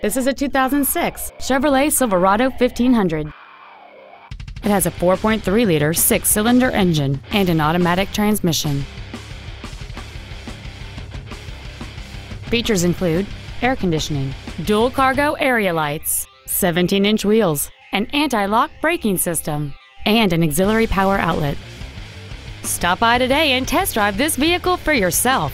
This is a 2006 Chevrolet Silverado 1500. It has a 4.3-liter six-cylinder engine and an automatic transmission. Features include air conditioning, dual cargo area lights, 17-inch wheels, an anti-lock braking system, and an auxiliary power outlet. Stop by today and test drive this vehicle for yourself.